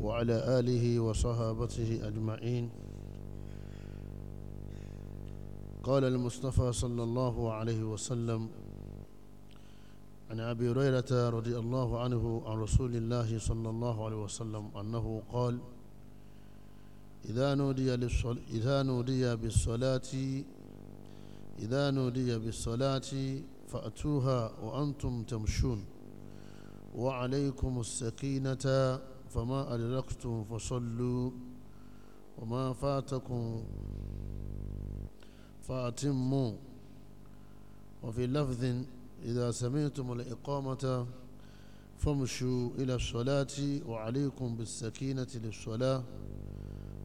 وعلى آله وصحابته أجمعين قال المصطفى صلى الله عليه وسلم عن أبي هريرة رضي الله عنه عن رسول الله صلى الله عليه وسلم أنه قال إذا نودي, إذا نودي بالصلاة إذا نودي بالصلاة فأتوها وأنتم تمشون وعليكم السكينة فما أدركتم فصلوا وما فاتكم فأتموا وفي لفظ إذا سمعتم الإقامة فامشوا إلى الصلاة وعليكم بالسكينة للصلاة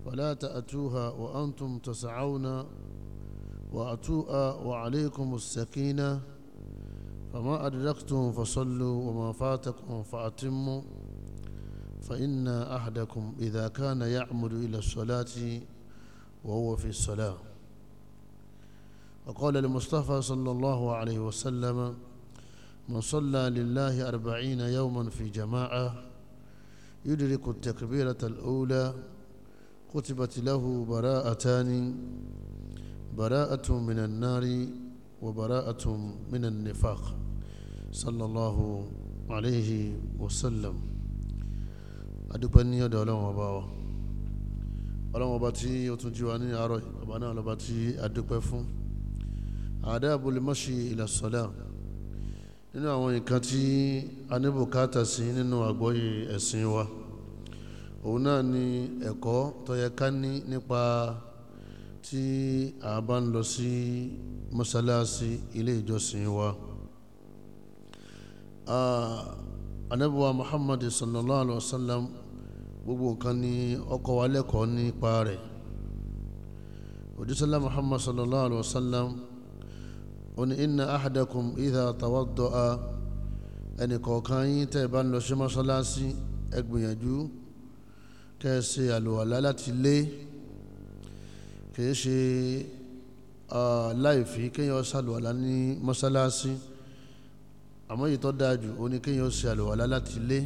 فلا تأتوها وأنتم تسعون وأتوها وعليكم السكينة فما أدركتم فصلوا وما فاتكم فأتموا فإن أحدكم إذا كان يعمد إلى الصلاة وهو في الصلاة وقال المصطفى صلى الله عليه وسلم من صلى لله أربعين يوما في جماعة يدرك التكبيرة الأولى كتبت له براءتان براءة من النار وبراءة من النفاق صلى الله عليه وسلم adúpẹ́ ní ọ̀dọ̀ ọlọ́run ọba wa ọlọ́run ọba tí ó tún jí wa ní àárọ̀ ọba náà lọ́ba tí adúpẹ́ fún àdáàbò lè mọ́ṣí ilẹ̀ sọ́lá nínú àwọn nǹkan tí a ní bùkátà sí nínú àgbọ́yé ẹ̀sìn wa òun náà ni ẹ̀kọ́ tó yẹ ká ní nípa tí a bá ń lọ sí mọ́sálásí ilé ìjọsìn wa anabuwa muhammadu sallallahu alaihi wasallam gbogbo nǹkan ni ọkọ̀ wa lẹ́kọ̀ọ́ nípa rẹ̀ òjísọ́lá muhammad sallallahu alaihi wa sallam ó ní inna ahadakum idha tawadda'a ẹnì kọ̀ọ̀kan yín tẹ́ ẹ bá ń lọ sí mọ́ṣáláṣí ẹ gbìyànjú kẹ́ ẹ àlùwàlá láti lé kìí ṣe láìfi kéèyàn ṣàlùwàlá ní mọ́ṣáláṣí àmọ́ èyí tó dáa jù ó kéèyàn ṣe àlùwàlá láti lé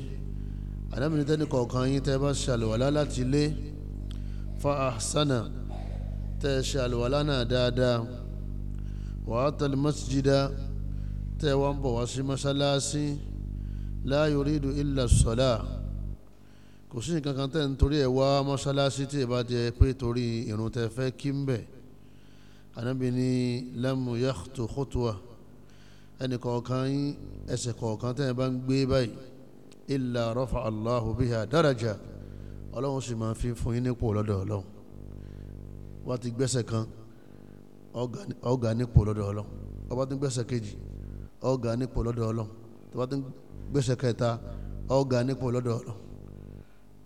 àdábìnrin tẹ́ni kọ̀ọ̀kan yín tẹ́ bá ṣàlùwàlá láti ilé fa ahsana tẹ́ ṣàlùwàlá náà dáadáa wàá tẹ̀lé masjida tẹ́ wọ́n bọ̀ wá sí mọ́ṣáláṣí la yuridu illa sọ́lá kò sí nǹkan kan tẹ́ ń torí ẹ̀ wá mọ́ṣáláṣí tí ẹ bá jẹ́ pé torí irun tẹ́ fẹ́ kí ń bẹ̀ àdábìnrin lamu yakhtu khutwa ẹnì kọ̀ọ̀kan yín ẹsẹ̀ kọ̀ọ̀kan tẹ́ ẹ bá ń gbé báyìí illa rafa allahu biha daraja ọlọ́run sì máa fi fún yín nípò lọ́dọ̀ ọlọ́run ti gbẹ́sẹ̀ kan ọ̀gá nípò lọ́dọ̀ ọlọ́run ọba tó ń gbẹ́sẹ̀ kejì ọ̀gá nípò lọ́dọ̀ ọlọ́run tọ́ba tó ń gbẹ́sẹ̀ kẹta ọ̀gá nípò lọ́dọ̀ ọlọ́run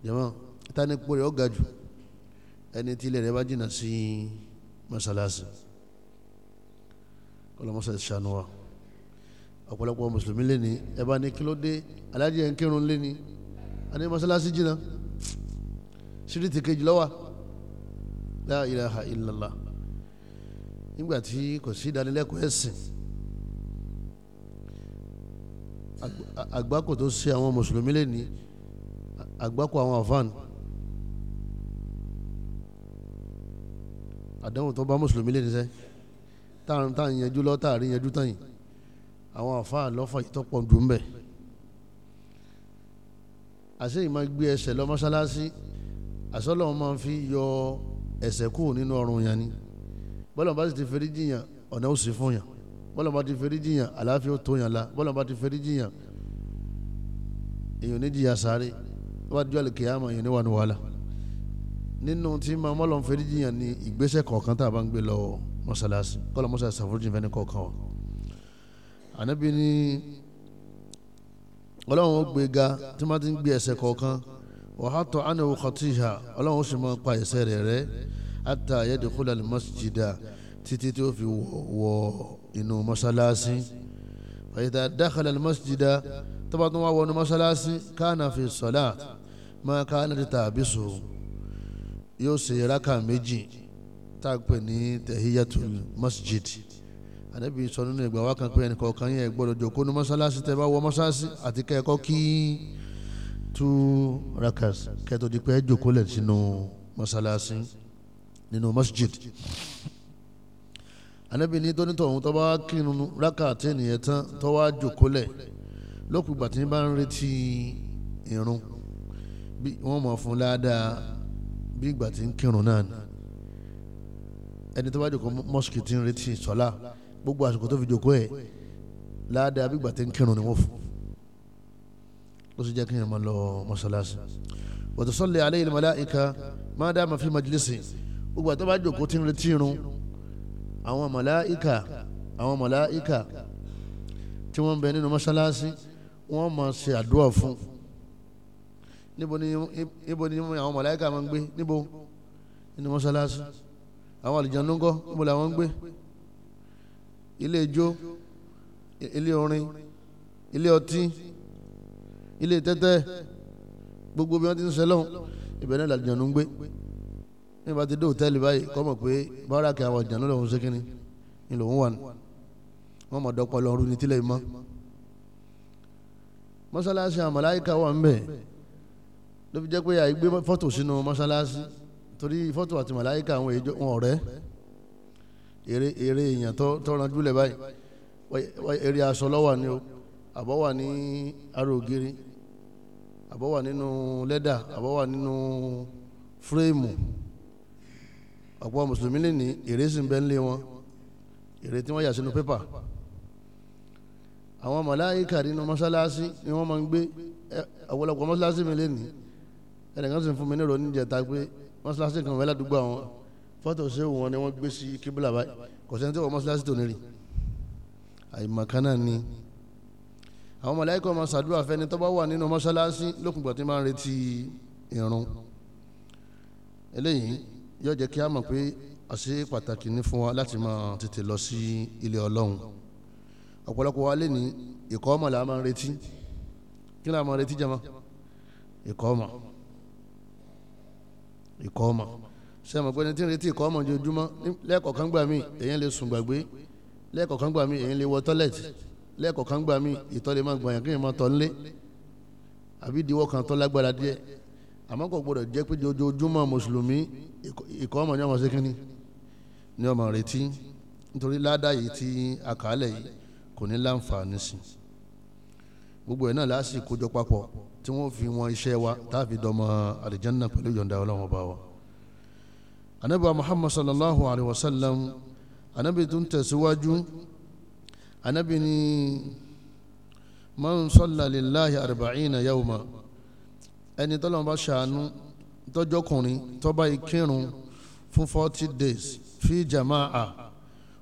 jẹ́mọ́ ọ̀gá jù ẹni tí rẹ̀ bá ọ̀pọ̀lọpọ̀ mùsùlùmí lé ní ẹ bá ní kí ló dé aláàjì ẹ̀ ń kírun lé ní àní mọ́sálásí jìnnà síríìtì kejì lọ́wà la ilaha illallah nígbà tí kò sí ìdánilẹ́kọ̀ọ́ ẹ̀sìn àgbákò tó ṣe àwọn mùsùlùmí lé ní àgbákò àwọn àfáàn àdánwò tó bá mùsùlùmí lé ní sẹ́ táà ń yanjú lọ́tà àríyanjú tán yìí àwọn àfa àlọ́fà yìí tọ́pọ̀ dùn bẹ́ẹ̀ àṣẹ yìí máa gbé ẹsẹ̀ lọ mọ́ṣáláṣí àṣọlọ́ wọn máa fi yọ ẹsẹ̀ kúrò nínú ọrùn yẹn ni bọ́lá bá ti fẹ́rí jiyàn ọ̀nà ó sì fún yàn bọ́lá bá ti fẹ́rí jiyàn àlàáfíà ó tó yàn la bọ́lá bá ti fẹ́rí jiyàn èèyàn níjìyà sáré wájú àlùkìyàmọ̀ èèyàn níwà ní wàhálà nínú tí máa mọ́lọ́ fẹ́rí jiyàn ni ìgbésẹ̀ kọ̀ọ̀kan tá a bá ń gbé lọ mọ́ṣáláṣí kọ́lọ́ mọ́ṣáláṣí àforíjì fẹ́ni kọ̀ọ̀kan wa ànábì ní ọlọ́run ó gbé ga tí wọ́n ti ń gbé ẹsẹ̀ kọ̀ọ̀kan wàhátọ́ ánàwó kọtíhà ọlọ́run ó sì máa pa ẹsẹ̀ rẹ̀ rẹ́ àtà ayédèkúlà ní mọ́síjìdá títí tí ó fi wọ inú mọ́sálásí fàyídà dákàlà ní mọ́síjìdá tọ́ba tó wá wọnú mọ́sálásí káànà fi sọ́lá máa káànà ti tàbí so yóò ṣe rákà méjì tá a pè ní tahiyatul masjid ànábì sọ nínú ìgbà wa kan pé ẹnìkọ̀ọ̀kan yẹn gbọ́dọ̀ jòkó ní mọ́sálásí tẹ́ bá wọ mọ́sálásí àti kẹ́ẹ̀kọ́ kí tú rakas kẹ́ẹ̀tọ́ di pé ẹ jòkó lẹ̀ sínú mọ́sálásí nínú masjid ànábì ní tónítọ̀ ọ̀hún tó bá kírun raka àti ènìyàn tán tó wá jòkó lẹ̀ lókùn ìgbà tí bá ń retí irun bí wọ́n mọ̀ fún ládàá bí ìgbà tí ń kírun náà ẹni tó jòkó mọ́sùkì gbogbo àsìkò tó fi jòkó ẹ̀ ládàá bí gbàtẹ́ ń kírun ni wọ́n fún ó sì jẹ́ kí èèyàn máa lọ mọ́ṣáláṣí wa tusalli alayhi al-malaika ma dama fi majlisi gbogbo àti bá jòkó tí ń retí irun àwọn màláìka àwọn màláìka tí wọ́n ń bẹ nínú mọ́ṣáláṣí wọ́n máa ṣe àdúrà fún níbo ni níbo ni àwọn màláìka máa ń gbé níbo nínú mọ́ṣáláṣí àwọn àlùjànnú ńkọ́ níbo làwọn ń gbé ilé ijó ilé orin ilé ọtí ilé tẹ́tẹ́ gbogbo bí wọ́n ti ń sẹ́lọ̀ ibẹ̀ náà làjọ̀nù ń gbé nígbà tí dé hòtẹ́ẹ̀lì báyìí kọ́ mọ̀ pé bára kí àwọn àjànú lòun ṣe kínní ni lòun wà ní wọ́n mọ̀ dọ́pọ̀ lọ́rùn ní tílẹ̀ mọ́ mọ́sálásí àmàláyíká wà ń bẹ̀ ló fi jẹ́ pé àìgbé fọ́tò sínú mọ́sálásí torí fọ́tò àti màláyíká àwọn ọ̀rẹ́ eré eré èèyàn tó tó ranjú lẹ̀ báyìí eré aṣọ lọ́wọ́ ni o àbọ̀ wà ní aró ògiri àbọ̀ wà nínú lẹ́dà àbọ̀ wà nínú fúrẹ́ẹ̀mù ọ̀pọ̀ mùsùlùmí lè ní eré sì ń bẹ nílé wọn eré tí wọ́n yà sínú pépà àwọn màláíkà nínú mọ́sálásí ni wọ́n máa ń gbé ọ̀pọ̀lọpọ̀ mọ́sálásí mi lè ní ẹnìkan sì ń fún mi ní ìròyìn ìjẹta pé mọ́sálásí kan fẹ́ àwọn fọ́tò ṣé wọn ni wọ́n gbé sí kíbùlà báyìí kò sẹ́ni tí wọ́n mọ́ṣáláṣí tòun rí àìmọ̀kánná ni àwọn màláíkà máa ṣàdúrà fẹ́ni tó bá wà nínú mọ́ṣáláṣí lókùngbà tí máa ń retí ìrun eléyìí yóò jẹ́ kí a mọ̀ pé àṣẹ pàtàkì ní fún wa láti máa tètè lọ sí ilé ọlọ́run ọ̀pọ̀lọpọ̀ wa lè ní ìkọ́mọ̀ là máa ń retí kí là máa retí jama ìkọ́mọ̀ ìkọ́mọ̀ ṣe mọ̀ pé ní tí ń retí ìkọ́ ọmọ ojoojúmọ́ lẹ́ẹ̀kọ̀kan gbà mí èyàn lè sùn gbàgbé lẹ́ẹ̀kọ̀kan gbà mí èyàn lè wọ tọ́lẹ̀tì lẹ́ẹ̀kọ̀kan gbà mí ìtọ́ lè máa gbọ̀nyàn kéèyàn máa tọ̀ nílé àbí ìdíwọ́ kan tó lágbára díẹ̀ àmọ́ kò gbọdọ̀ jẹ́ pé ojoojúmọ́ mùsùlùmí ìkọ́ ọmọ ní ọmọ ṣe kínní ní ọmọ retí nítorí ládà yìí tí àkàálẹ̀ yìí kò ní láǹfààní sí gbogbo ẹ̀ náà láàsì kójọ papọ̀ tí wọ́n fi wọn iṣẹ́ wa táàfi dọmọ àlìjánná pẹ̀lú yọ̀ǹda ọlọ́run ọba wa anabi muhammad sallallahu alayhi wa sallam anabi tún tẹ̀síwájú anabi ni man salla lillahi arba'ina yawma ẹni tọ́lọ́mù bá ṣàánú tọ́jọ́kùnrin tọ́ba ìkírun fún forty days fi jama'a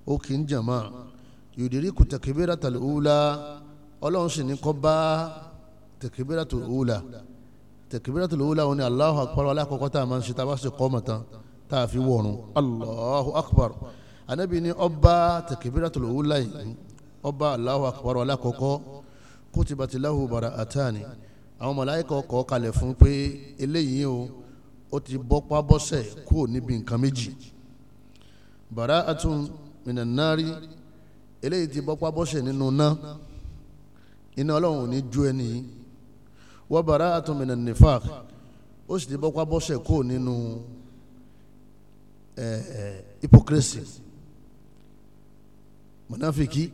ó kì í jama'a yòdìrí kù tẹ̀kíbẹ́rẹ́ tàlẹ́ òwúlá ọlọ́run sì ní kọ́ bá tẹ̀kíbẹ́rẹ́ tàlẹ́ òwúlá tẹ̀kíbẹ́rẹ́ tàlẹ́ ni Allahu akbar alákọ̀ọ́kọ́ a máa ń ṣe tá kọ́ ọmọ tá a fi wọ̀run allahu akbar anabi ni ọba takbiratul ula yìí ọba allahu akbar alákọ̀ọ́kọ́ kutibati lahu bara'atani àwọn màláíkà kọ kalẹ̀ fún pé eléyìí o ó ti bọ́ pábọ́sẹ̀ kúrò níbi nǹkan méjì bara'atun minan nari eléyìí ti bọ́ pábọ́sẹ̀ nínú náà iná ọlọ́run ò ní ju ẹni yìí wa bara'atun minan ó sì ti bọ́ pábọ́sẹ̀ kúrò nínú eh, hypocrisy mọ̀nàfìkì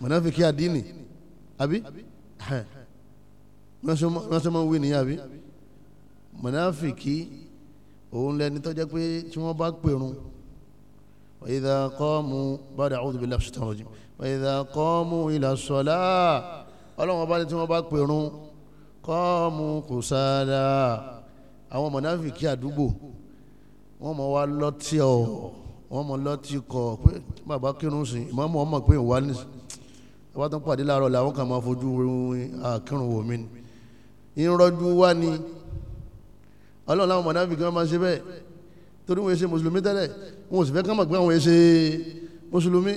mọ̀nàfìkì àdínì àbí ránṣẹ́ máa ń wí nìyà àbí mọ̀nàfìkì òun lẹni tó jẹ́ pé tí wọ́n bá pèrún وإذا قاموا بعد أعوذ بالله من الشيطان الرجيم وإذا قاموا إلى الصلاة ọlọ́run ọba ní tí wọ́n bá pèrún قاموا كسالى àwọn mọ̀nàfìkì àdúgbò wọ́n mọ̀ wá lọ́tí ọ̀ wọ́n mọ̀ lọ́tí kọ̀ pé bàbá kírun sí ìmọ̀mọ́ ọmọ pé ìwà ní ìwà tó ń pàdé láàárọ̀ làwọn kan máa fojú àkírun wò mí ni ìrọ́jú wá ni ọlọ́run láwọn mọ̀dábì kí wọ́n máa ṣe bẹ́ẹ̀ torí wọ́n ṣe mùsùlùmí tẹ́lẹ̀ wọn ò sì fẹ́ ká mọ̀ pé àwọn ṣe mùsùlùmí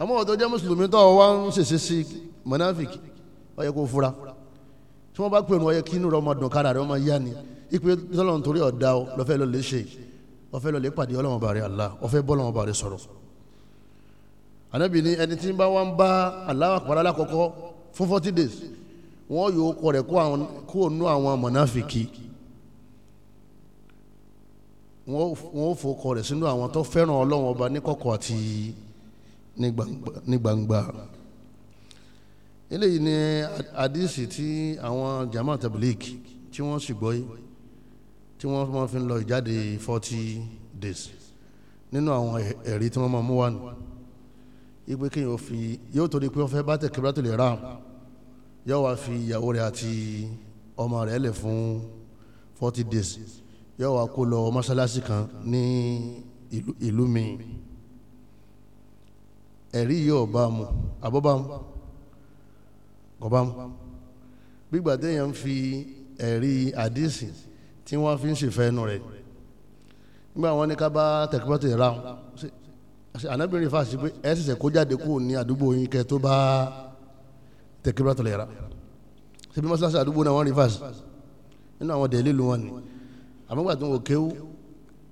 àmọ́ ọ̀tọ̀ jẹ́ mùsùlùmí tó wá ń ṣèṣe sí mọ̀náfìkì ó yẹ kó fura tí wọ́n bá pè ní ó yẹ kí inú rẹ̀ ọmọ dùn kára rẹ̀ ọmọ yá ni ìpè tọ́lọ́run torí ọ̀dà lọ́fẹ́ ló lè ṣe yìí ọfẹ́ lọ́lẹ́ pàdé ọlọ́wọ́n bàrẹ̀ Allah ọfẹ́ bọ́lọ́wọ́n bàrẹ̀ sọ̀rọ̀ anabi ni ẹni tí ń bá wá ń bá Allahu Akbar alákọ̀ọ́kọ́ fún forty days wọ́n yóò kọ́ rẹ̀ kó nú àwọn mọ̀náfìkì wọ́n ó fò kọ́ rẹ̀ sínú àwọn tó fẹ́ràn ọlọ́wọ́n ọba ní kọ̀kọ̀ àti ní gbangba eléyìí ni àdìsí tí àwọn jama tabligh tí wọ́n sì gbọ́ yìí tí wọ́n máa fi ń lọ ìjáde forty days nínú àwọn ẹ̀rí tí wọ́n máa mú wá nù ipe kéèyàn fi yóò torí pé wọ́n fẹ́ bá tẹ̀ kíbrátù lè ram yóò wá fi ìyàwó rẹ̀ àti ọmọ rẹ̀ lẹ̀ fún forty days yóò wá kó lọ mọ́ṣáláṣí kan ní ìlú mi ẹ̀rí yóò bá mu àbọ̀bámu kọ̀bámu gbígbà téèyàn ń fi ẹ̀rí àdísì tí wọ́n fi ń ṣèfẹ́ ẹnu rẹ̀ nígbà wọn ní ká bá tẹkipọ́tì ra wọn ànábìrin fàṣì pé ẹ ṣẹ̀ṣẹ̀ kó jáde kú ní àdúgbò yín kẹ tó bá tẹkipọ́tì rẹ̀ ra ṣe bí mọ́ṣáláṣí àdúgbò náà wọ́n rí fàṣì nínú àwọn dẹ̀lí lu wọn ni àmọ́gbà tó ń wò kéwú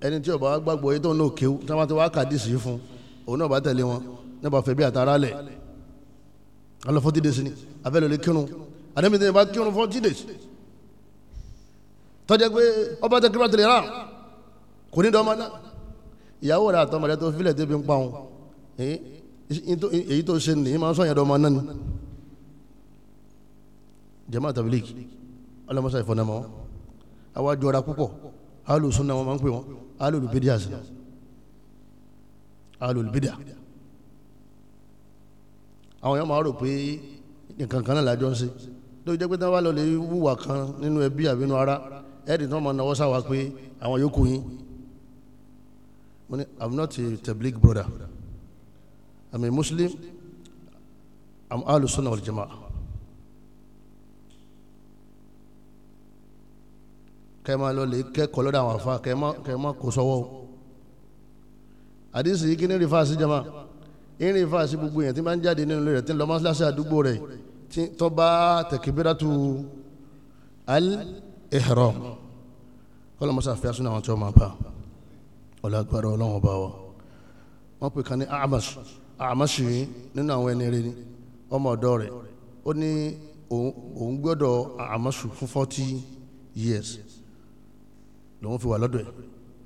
ẹni tí ọba gbàgbọ́ yìí tó ń lò kéwú tí wọ́n ti wá kàdísì fún òun náà bá tẹ̀lé wọn nípa fẹ́ bí àtàrà lẹ̀ alọ́ fọ́tídèsì ni abẹ́lẹ̀ lè kírun àdẹ́mìtì ni bá kírun fọ́tídèsì tọ́jà pé ọba tẹ kíláàtì lè rà kò ní dọ́mọ́dá ìyàwó rẹ̀ àtọmọ rẹ̀ tó filẹ̀ débi ń pa wọn èyí tó ṣe nìyí máa ń sọ̀yàn dọ́mọ náà ni jama tabiliki alamasa ìfọ̀nàmọ́ àwa jọra púpọ̀ alu sunna wọn máa ń pè wọn alu lubidia sí alu lubidia àwọn yẹn máa rò pé nǹkan kan náà lájọ ń ṣe lójú jẹ́ pé táwọn bá lọ lè wúwà kan nínú ẹbí àbínú ara ẹ̀ẹ́dì tí wọ́n máa náwó sáwà pé àwọn yòókù yín mo ní i'm not a tabligh brother i'm a muslim i'm ahlus sunnah wal jamaah kẹ́ ẹ máa lọ lè kẹ́kọ̀ọ́ lọ́dọ̀ àwọn àfa kẹ́ ẹ máa kó sọ́wọ́ àdìsí yìí kí ní rí fáṣí jama irin fa sí gbogbo yẹn tí máa ń jáde nínú ilé tí ń àdúgbò rẹ̀ tó bá takbiratu al-ihram kọ́lọ́ mọ́sá fi asúnà àwọn tí wọ́n máa bá ọ̀là agbára ọlọ́wọ́n bá wa wọ́n pè kan ní amash amash nínú àwọn ẹni rẹ ni ọmọ ọ̀dọ́ rẹ̀ ó ní òun gbọ́dọ̀ amash fún forty years lòun fi wà lọ́dọ̀ ẹ̀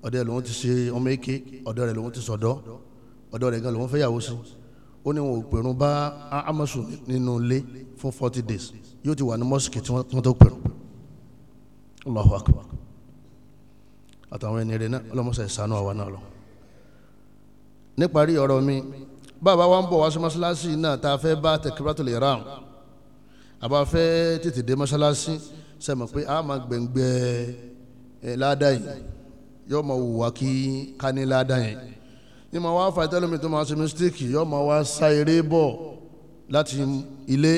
ọ̀dọ̀ ẹ̀ lòun ti ṣe ọmọ èké ọ̀dọ̀ rẹ̀ lòun ti sọ̀dọ̀ ọ̀dọ̀ rẹ̀ gan lòun fẹ́ yàwó sí ó ní wọn ò pèrún bá amash nínú ilé fún forty days yóò ti wà ní mọ́sìkì tí wọ́n tó pèrún Allahu akbar àtàwọn ẹni rẹ náà ọlọ́mọṣẹ́ ìsànú àwa náà lọ. níparí ọ̀rọ̀ mi bàbá wa ń bọ̀ wá sí mọ́ṣáláṣí náà tá a fẹ́ bá tẹkíratò lè ràn àbá fẹ́ tètè dé mọ́ṣáláṣí sẹ́mi pé a máa gbẹ̀ngbẹ́ ládàá yìí yóò máa wùwà kí ká ní ládàá yìí ní ma wá fa ìtẹ́lómi tó máa ṣe mistake yóò máa wá sá eré bọ̀ láti ilé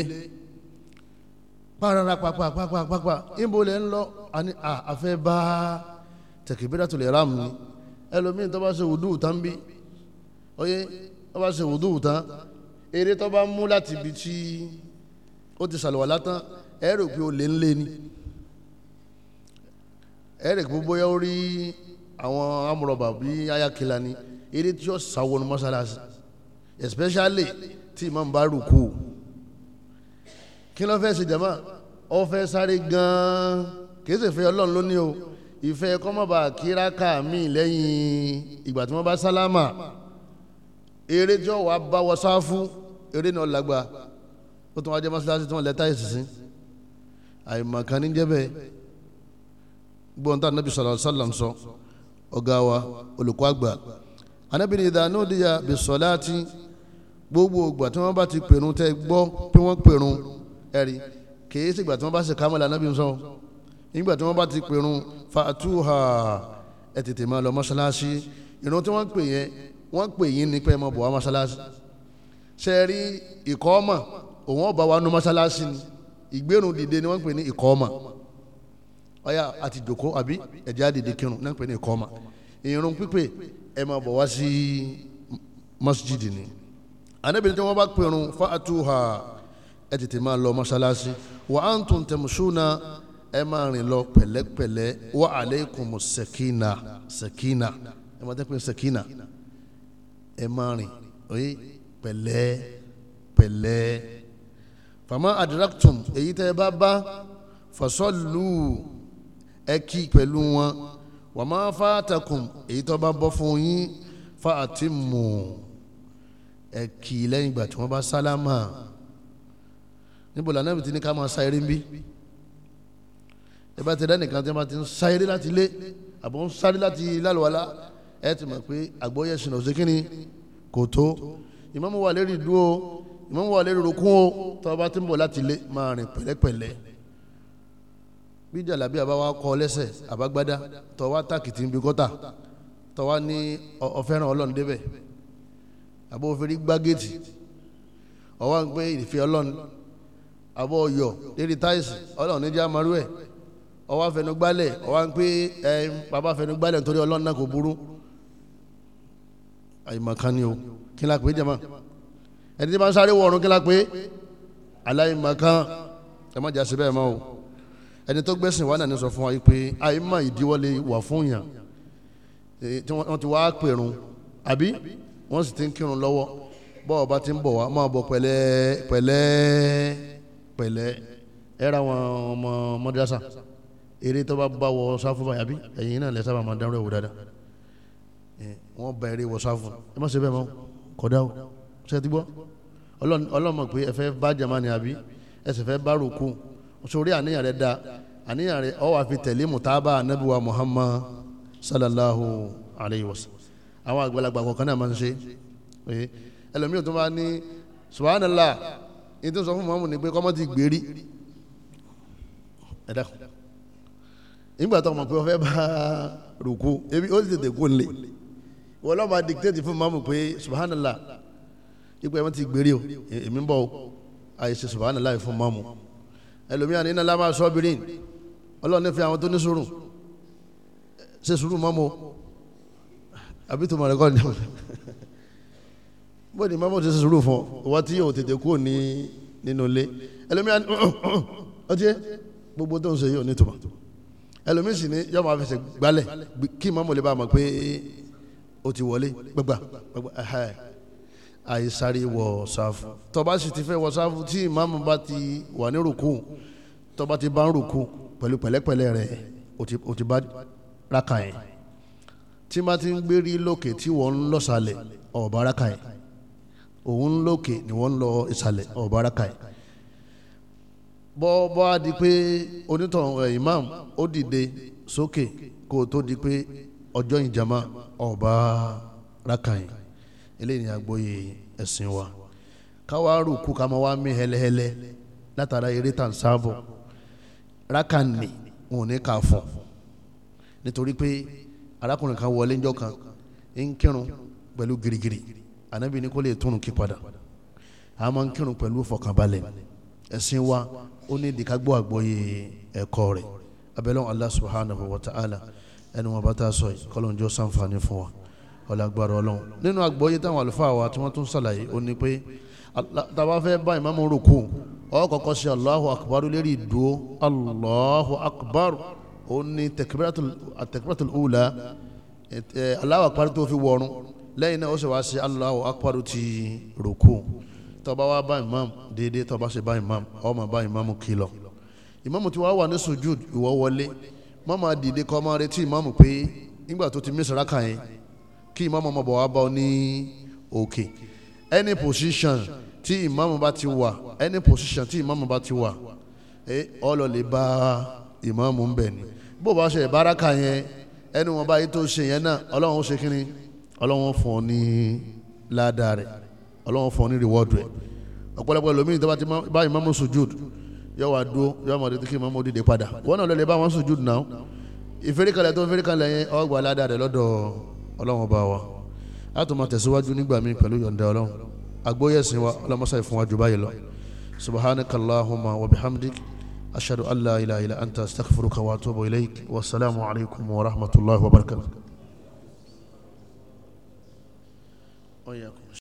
pàrọ̀rà pàpàpàpàpà ìbò lẹ́ ń lọ àní àfẹ́ bá a takbiratul ihram ni ẹlòmíì tó bá ṣe wùdú tán bí oyè tó bá ṣe wùdú tán eré tó bá mú láti ibi tí ó ti ṣàlùwàlá tán ẹ pé ó lè ń lé ni ẹ pé bóyá ó rí àwọn amúrọ̀bà bí ayakela ni eré tí ó ṣàwọnú mọ́ṣáláṣí especially tí imam bá rù kú kí ló fẹ́ ṣe jama ó fẹ́ sáré gan kì í sì fẹ́ ọlọ́run lónìí o ìfẹ́ kọ́mọ̀bà kíráka mi lẹ́yìn ìgbà tí wọ́n bá sálámà eré tí wọ́n wá bá wọ sáfù eré náà lágbá ó tún wá jẹ́ mọ́sálásí tí wọ́n lẹ́tà ìsìn àìmọ̀kan ní jẹ́ bẹ́ẹ̀ gbọ́n tá nàbì sallallahu alaihi wasallam sọ ọ̀gá wa olùkọ́ àgbà anábì ní ìdáná òdìyà bí sọláàtì gbogbo ìgbà tí wọ́n bá ti pèrún tẹ́ gbọ́ pé wọ́n pèrún ẹ̀rí kì í sì ìgbà tí wọ́n bá sì kámọ́lá nígbà tí wọ́n bá ti pèrun ha ẹ tètè máa lọ mọ́ṣáláṣí ìrun tí wọ́n pè yẹn wọ́n pè yín ní pé ẹ máa bọ̀ wá mọ́ṣáláṣí ṣe rí ìkọ́ ọmọ òun ọba wa nu mọ́ṣáláṣí ni ìgbérun dìde ni wọ́n pè ní ìkọ́ ọmọ ọyà àti jòkó àbí ẹ̀jẹ̀ àdìde kírun náà pè ní ìkọ́ ọmọ ìrun pípé ẹ máa bọ̀ wá sí mọ́ṣíjìdì ni anábìrin tí wọ́n bá pèrun fatuha ẹ tètè máa lọ mọ́ṣáláṣí wa antum tamshuna ẹ máa rìn lọ pẹ̀lẹ́pẹ̀lẹ́ wa alaykumu sakina sakina ẹ máa dẹ́pẹ́ sakina ẹ máa rìn oye pẹ̀lẹ́ pẹ̀lẹ́ fama adraktum èyí tẹ́ ẹ bá bá fasallu ẹ kí pẹ̀lú wọn wa ma fatakum èyí tó bá bọ́ fún yín fa atimmu ẹ kí lẹ́yìn ìgbà tí wọ́n bá sálámà níbo lànà ìbìtì ní ká máa sá eré ń bí ẹ bá ti dẹ́nìkan tí wọ́n ti ń sáré láti lé àbọ̀ ń sáré láti lálùwalá ẹ ti mọ̀ pé àgbọ̀yẹ̀ sinà òsè kínní kò tó ìmáàmù wà lérí dúró ìmáàmù wà lérí rukún o tó bá ti ń bọ̀ láti lé máa rìn pẹ̀lẹ́pẹ̀lẹ́ bí jàlábí àbá wa kọ lẹ́sẹ̀ àbágbádá tó wá tàkìtì ń bi kọ́ta tó wá ní ọ̀fẹ́ràn ọlọ́run débẹ̀ àbọ̀ òfin gbá géètì ọwọ́ ń pé ìfẹ́ ọlọ́run àbọ̀ ọ̀yọ́ lérí táìsì ọlọ́run níjà marú ẹ̀ ọwọ́ afẹnugbálẹ̀ ọwọ́ ń pé ẹ bàbá afẹnugbálẹ̀ nítorí ọlọ́run náà kò burú àyìnmọ̀kan ni o kí la pè é jama ẹni tí ma ń sáré wọ̀ọ̀rùn kí la pè é aláìmọ̀kan ẹ má jà síbẹ̀ mọ́ o ẹni tó gbẹ̀sìn wa náà ní sọ fún wa yìí pé àyìnmọ̀ ìdíwọ́lé wà fún yàn tí wọ́n ti wá pèrún àbí wọ́n sì ti ń kírun lọ́wọ́ bọ́ọ̀ bá ti ń bọ̀ wá máa bọ̀ pẹ̀lẹ́ pẹ̀lẹ́ pẹ̀lẹ́ ẹ̀ ra wọn ọmọ mọ́dúrásà eré tó bá bá wọ sáfù báyà bí ẹ̀yìn náà lẹ́sà máa dánwó ẹ̀wò dáadáa wọ́n bá eré wọ sáfù ẹ má ṣe bẹ́ẹ̀ mọ́ kódà o ṣe ti gbọ́ ọlọ́mọ pé ẹ fẹ́ bá jamani àbí ẹ sì fẹ́ bá rúkú sórí àníyàn rẹ da àníyàn rẹ ọ wà tẹ̀lé mùtábà anábìwá Muhammad sallallahu alayhi wa sallam àwọn àgbàlagbà kọ̀ọ̀kan náà máa ń ṣe ẹlòmíì tó bá ní subhanallah ní tó sọ fún mọ́mù ni pé kọ́mọ́ ti gbèrí ẹ̀dá kan nígbà tó mọ̀ pé wọ́n fẹ́ bá rúkú ebi ó sì tètè kó lè wọ́n lọ́ọ́ máa dictate fún mọ́mù pé subhanallah ipò ẹ̀wọ̀n ti gbèrè o èmi ń bọ̀ o àìsè subhanallah fún mọ́mù ẹlòmíràn nínú aláma sọ́bìrín ọlọ́run nífẹ̀ẹ́ àwọn tó ní sùúrù ṣe sùúrù mọ́mù àbí tó mọ̀ rẹ́kọ́ ni bó ni mọ́mù ti ṣe sùúrù fún ọ wọ́n ti yóò tètè kú ní nínú ilé ẹlòmíràn ọtí gbogbo tó ń ṣe yóò nítumọ̀ ẹlòmíín sì ni yọọ máa fẹsẹ̀ gbálẹ̀ kí mọ́mú lè bá a mọ̀ pé ó ti wọlé gbẹgbà gbẹgbà àìsáré wọ ṣáfù tó bá sì ti fẹ́ wọ ṣáfù tí ìmáàmù bá ti wà ní rùkú tó bá ti bá ń rùkú pẹ̀lú pẹ̀lẹ́pẹ̀lẹ́ rẹ̀ ó ti bá rákà yẹn tí má ti ń gbérí lókè tí wọ́n ń lọ ọ̀bá rákà yẹn òun lókè ni wọ́n ń lọ ìsàlẹ̀ ọ̀bá rákà yẹn. bọ́ bọ́ á di pé onítọ̀hún eh, imam ó dìde sókè kó o tó di pé ọjọ́ ìjàmá ọba rákàyìn eléyìí ni àgbọ́yé ẹ̀sìn wa káwá rúkú ká máa wá mí hẹlẹhẹlẹ látara eré tàn sáàbọ rákàní wọn ò ní kà fún nítorí pé arákùnrin kan wọlé ńjọ́ kan ń kírun girigiri ànábì ní lè túnú kí padà ó ní ìdí ká gbọ́ àgbọ́yé ẹ̀kọ́ rẹ̀ abẹ́lẹ́wọ̀n Allah subhanahu wa ta'ala ẹni wọn bá tá a sọ yìí kọ́lọ́n sànfàní fún wa ọ̀làgbàrọ̀ ọlọ́run nínú àgbọ́yé táwọn àlùfáà wa tí wọ́n tún ṣàlàyé ó ní pé tàbá fẹ́ bá ìmáàmù rúkú ó kọ́kọ́ ṣe Allahu akbar lérí ìdúró Allahu akbar ó ní takbiratul ula eh, Allahu akbar tó fi wọ̀run lẹ́yìn náà ó sì wá ṣe Allahu akbar ti rúkú tọba wa bá imam déédéé tọba ṣe bá imam ọmọ bá imam kìlọ̀ imam ti wá wà ní sujud ìwọ wọlé Mama dìde kọ́ máa retí imam pé nígbà tó ti mísìlá kàn yín kí imam ọmọ bọ̀ wá bá ní òkè any position ti imam bá ti wà any position tí imam bá ti wà ẹ ọlọ lè bá imam ń bẹ̀ ni bó bá ṣe ìbáraka yẹn ẹni wọn báyìí tó ṣe yẹn náà ọlọ́run ó ṣe kínní ọlọ́run fún ọ ní ládàá rẹ̀ ọlọ́run fún ọ ní rewọ́ọ̀dù rẹ̀ ọ̀pọ̀lọpọ̀ ẹlòmíì tó bá ti bá ìmáàmù sùjúd yóò wá dúró yóò máa retí kí ìmáàmù dìde padà wọn náà lọlẹ̀ bá wọn sùjúd náà ìfẹ́ríkalẹ̀ tó ń fẹ́ríkalẹ̀ yẹn ọgbà aládàá rẹ̀ lọ́dọ̀ ọlọ́run bá wa a tún máa tẹ̀síwájú nígbà míì pẹ̀lú yọ̀ǹda ọlọ́run agbóyẹ̀sìn wa ọlọ́mọṣà ìfún wa jù báyìí lọ subhanakallahumma wa bihamdik ashhadu an illa anta astaghfiruka wa atubu wa salaamu alaykum wa rahmatullahi wa barakatuh.